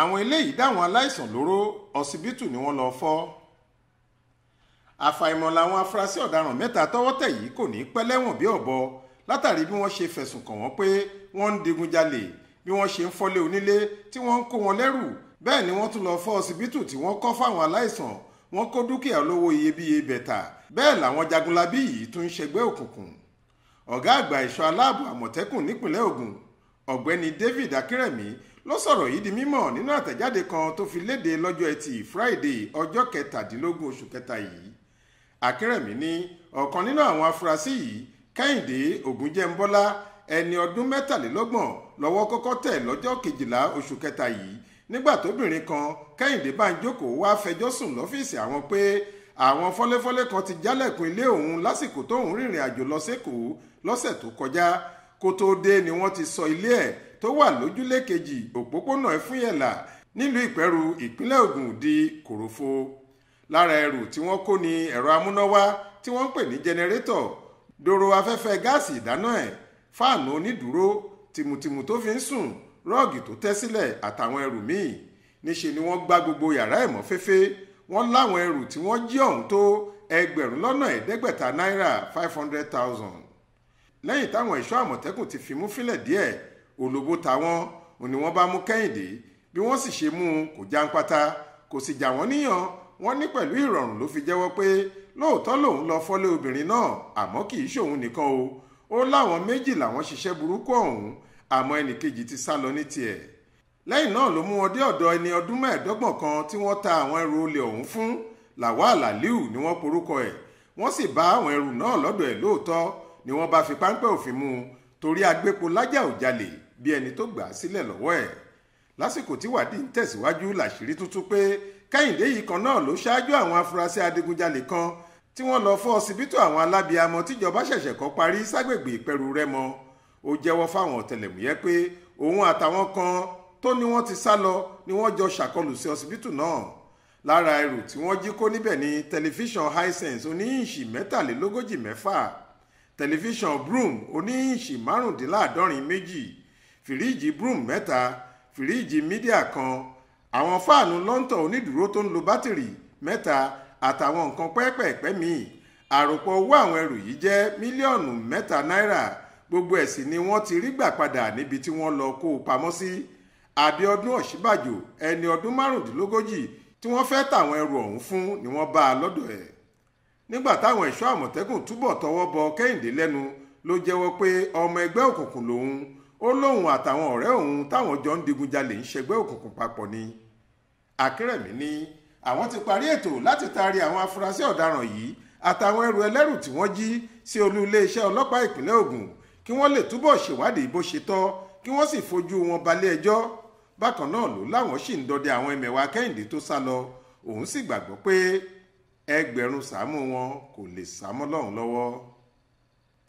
àwọn eléyìí dá àwọn aláìsàn lóró ọsibítù ni wọ́n lọ fọ́ àfàìmọ̀ làwọn afurasí ọ̀daràn mẹ́ta tọ́wọ́ tẹ̀ yìí kò ní pẹ́ lẹ́wọ̀n bí ọ̀bọ látàrí bí wọ́n ṣe fẹ̀sùn kàn wọ́n pé wọ́n ń digunjalè bí wọ́n ṣe ń fọ́lé onílé tí wọ́n ń kó wọn lẹ́rù bẹ́ẹ̀ ni wọ́n tún lọ fọ́ ọsibítù tí wọ́n kọ́ fáwọn aláìsàn wọ́n kó dúkìá olówó iyebíye bẹ̀tà bẹ́ẹ̀ làwọn jagunlabí yìí tún ń ṣẹgbẹ́ òkùnkùn ọ̀gá àgbà ìṣọ́ aláàbò àmọ̀tẹ́kùn nípìnlẹ̀ Ògùn ọ̀gbẹ́ni David Akínrẹ̀mí ló sọ̀rọ̀ yìí di mímọ̀ nínú àtẹ̀jáde kan tó fi léde lọ́jọ́ ẹtì Friday ọjọ́ kẹtàdínlógún oṣù kẹta yìí Akínrẹ̀mí ní ọ̀kan nínú àwọn afurasí yìí Kẹ́hìndé Ògúnjẹ́nbọ́lá ẹni ọdún mẹ́tàlélọ́gbọ̀n lọ́wọ́ kọ́kọ́ tẹ̀ lọ́jọ́ kejìlá oṣù kẹta yìí nígbà tóbìnrin kan Kẹ́hìndé Bánjókò wá fẹjọ́ sùn lọ́fíìsì àwọn pé àwọn fọ́léfọ́lé kan ti jálẹ̀kùn ilé òun lásìkò tóun rìnrìn àjò lọ sékòó lọ́sẹ̀ tó kọjá kó tóó dé ni wọ́n ti sọ ilé ẹ̀ tó wà lójúlé kejì òpópónà ẹfúnyẹ̀là nílùú ìpẹ́rù ìpínlẹ̀ Ògùn di kòròfo lára ẹrù tí wọ́n kó ni ẹ̀rọ amúnáwá tí wọ́n ń pè ní jẹnẹrétọ̀ dòrò afẹ́fẹ́ gáàsì ìdáná ẹ̀ fáànù onídùúró tìmùtìmù tó fi ń sùn rọ́ọ̀gì tó tẹ́ sílẹ̀ àtàwọn ẹrù míì níṣe ni wọ́n gbá gbogbo yàrá ẹ̀ mọ́ féfé láwọn ẹrù tí wọ́n jí ọ̀hún tó ẹgbẹ̀rún lọ́nà ẹ̀ẹ́dẹ́gbẹ̀ta náírà five hundred thousand lẹ́yìn táwọn ẹ̀ṣọ́ àmọ̀tẹ́kùn ti fimú fílẹ̀ díẹ̀ olóbó táwọn òní wọ́n bá mú kẹ́hìndé bí wọ́n sì ṣe mú un kò jáǹpátá kò sì jà wọ́n níyàn wọ́n ní pẹ̀lú ìrọ̀rùn ló fi jẹ́wọ́ pé lóòótọ́ lòun lọ fọ́lé obìnrin náà àmọ́ kì í ṣòun nìkan o ó láwọn méjì làwọn ṣiṣẹ́ burúkú ọ̀hún àmọ́ ẹnìkejì ti sá lọ ní tiẹ̀ lẹ́yìn náà ló mú wọn dé ọ̀dọ̀ ẹni ọdún mẹ́ẹ̀ẹ́dọ́gbọ̀n kan tí wọ́n ta àwọn ẹrù olè ọ̀hún fún Lawal Aliu ni wọ́n porúkọ ẹ̀ wọ́n sì bá àwọn ẹrù náà lọ́dọ̀ ẹ̀ lóòótọ́ ni wọ́n bá fi páńpẹ́ òfin mú un torí agbépo lájà ò bí ẹni tó gbà á sílẹ̀ lọ́wọ́ ẹ̀ lásìkò tí wádìí ń tẹ̀síwájú làṣírí tuntun pé kẹ́hìndé yìí kan náà ló ṣáájú àwọn afurasí adigunjalè kan tí wọ́n lọ fọ́ ọsibítù àwọn alábìamọ tíjọba ṣẹ̀ṣẹ̀ kọ́ parí ságbègbè ìpẹ̀rù rẹ́mọ ó jẹ́wọ́ fáwọn ọ̀tẹlẹ̀múyẹ́ pé òun àtàwọn kan tó ní wọ́n ti sá lọ ni wọ́n jọ ṣàkọlù sí ọsibítù náà lára ẹrù tí wọ́n jí kó níbẹ̀ ni tẹlifíṣàn hisense oníyìnṣì mẹ́tàlélógójì mẹ́fà tẹlifíṣàn broom oníyìnṣì márùndínláàdọ́rin méjì fìríìjì broom mẹ́ta fìríìjì mídíà kan àwọn fáànù lọ́ńtọ̀ onídùúró tó ń lo bátìrì mẹ́ta àtàwọn nǹkan pẹ́ẹ́pẹ́ẹ́pẹ́ míì àròpọ̀ owó àwọn ẹrù yìí jẹ́ mílíọ̀nù mẹ́ta náírà gbogbo ẹ̀ sì ni wọ́n ti rí gbà padà níbi tí wọ́n lọ kó o pamọ́ sí Abíọ́dún Ọ̀ṣínbàjò ẹni ọdún márùndínlógójì tí wọ́n fẹ́ tàwọn ẹrù ọ̀hún fún ni wọ́n bá a lọ́dọ̀ ẹ̀ nígbà táwọn ẹ̀ṣọ́ àmọ̀tẹ́kùn túbọ̀ tọwọ́ bọ Kẹ́hìndé lẹ́nu ló jẹ́wọ́ pé ọmọ ẹgbẹ́ òkùnkùn lòun ó lóun àtàwọn ọ̀rẹ́ òun táwọn jọ ń digunjalè ń ṣẹgbẹ́ òkùnkùn papọ̀ ni akérèmí ni àwọn ti parí ètò láti taari àwọn afurasí ọ̀daràn yìí àtàwọn ẹrù ẹlẹ́rù tí wọ́n jí sí olú iléeṣẹ́ ọlọ́pàá ìpínlẹ̀ Ògùn kí wọ́n lè túbọ̀ ṣèwádìí bó ṣe tọ́ kí wọ́n sì fojú wọn balẹ̀ ẹjọ́ bákan náà ló láwọn sì ń dọdẹ àwọn ẹmẹ̀wà Kẹ́hìndé tó sá lọ òun sì gbàgbọ́ pé ẹgbẹ̀rún sàámú wọn kò lè sá mọ́ lọ́wọ́